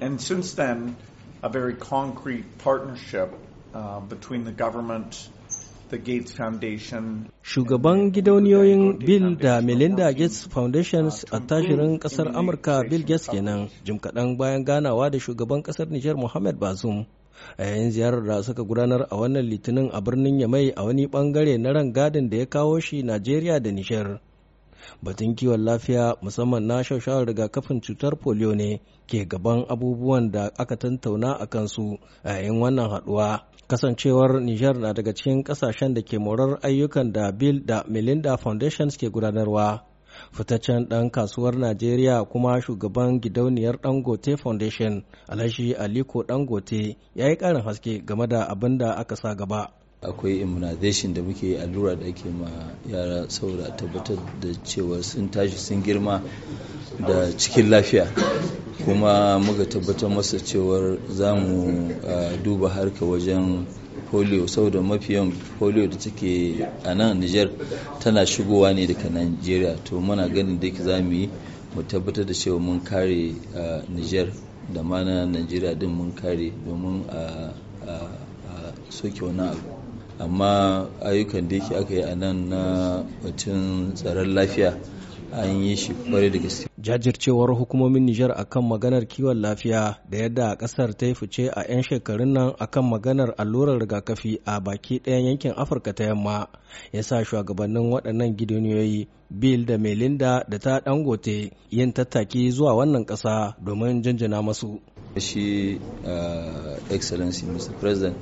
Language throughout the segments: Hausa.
and since then, a very concrete partnership uh, between the government Shugaban gidauniyoyin Bill da Melinda Gates Foundations a uh, tashirin kasar Amurka Bill Gates kenan jim kaɗan bayan ganawa da shugaban kasar Nijar Mohamed Bazoum a yayin ziyarar da suka gudanar a wannan litinin a birnin Yamai a wani bangare na rangadin da ya kawo shi Najeriya da Nijar. batun kiwon lafiya musamman na shawarar rigakafin cutar polio ne ke gaban abubuwan da aka tantauna a kansu a yayin wannan haduwa kasancewar niger na daga cikin kasashen da ke morar ayyukan da bill da melinda foundations ke gudanarwa fitaccen ɗan kasuwar najeriya kuma shugaban gidauniyar dangote foundation Alhaji aliko dangote ya yi ƙarin haske game da abin da aka sa gaba akwai immunization da muke allura da ake ma yara saboda tabbatar da cewa sun tashi sun girma da cikin lafiya kuma muka tabbatar masa cewar za mu duba harka wajen polio saboda mafiyan polio da take a nan niger tana shigowa ne daga nigeria to muna ganin da za mu yi mu tabbatar da cewa mun kare niger da ma nigeria din mun kare domin a soke wani abu amma ayyukan da yake aka yi a nan na batun tsaron lafiya an yi shi kwarai da gaske. Jajircewar hukumomin Nijar akan maganar kiwon lafiya da yadda kasar ta yi fice a 'yan shekarun nan akan maganar allurar rigakafi a baki ɗayan yankin Afirka ta yamma ya sa shugabannin waɗannan gidauniyoyi Bill da Melinda da ta ɗangote yin tattaki zuwa wannan ƙasa domin jinjina masu. shi eh, excellency mr president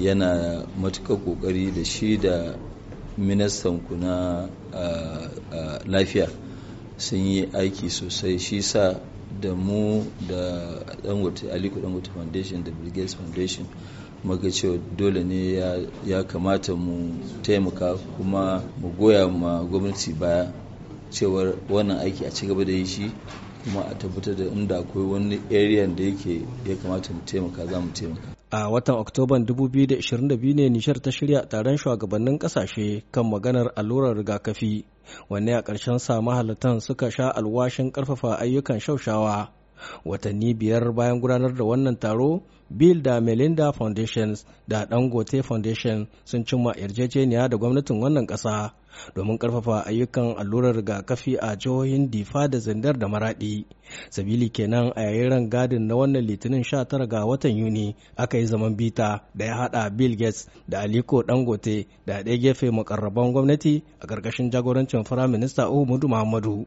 yana matuka kokari da shi da ministan ku na eh, eh, lafiya sun yi aiki sosai shi sa da mu da dangote aliko dangote foundation da bill foundation muka cewa dole ne ya kamata mu taimaka kuma mu goya ma gwamnati baya cewar wannan aiki a ci gaba da yi shi kuma a tabbatar da inda akwai wani area da yake ya kamata mu taimaka za mu taimaka a watan oktoban 2022 ne nishar ta shirya taron shugabannin kasashe kan maganar allurar rigakafi wanne a ƙarshen sa mahalatan suka sha alwashin ƙarfafa ayyukan shaushawa watanni biyar bayan gudanar da wannan taro bill da melinda foundations da dangote foundation sun cimma yarjejeniya da gwamnatin wannan ƙasa domin ƙarfafa ayyukan allurar rigakafi a jihohin difa da zindar da maradi sabili kenan a yayin gadin na wannan litinin 19 ga watan yuni aka yi zaman bita da ya hada bill gates da aliko dangote da ɗaya gefe makarraban gwamnati a ƙarƙashin jagorancin firaminista uhumudu muhammadu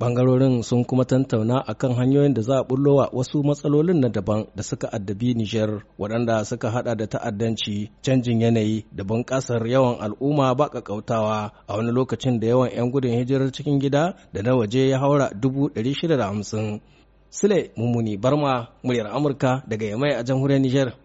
Bangarorin sun kuma tantauna a kan hanyoyin da za a wa wasu matsalolin na daban da suka addabi Nijar waɗanda suka hada da ta'addanci, canjin yanayi da bunƙasar yawan al'umma ba ƙaƙautawa a wani lokacin da yawan 'yan gudun hijirar cikin gida da na waje ya haura dubu ɗari shida da hamsin. Sule Mummuni Barma, muryar Amurka daga Yamai a jamhuriyar Nijar.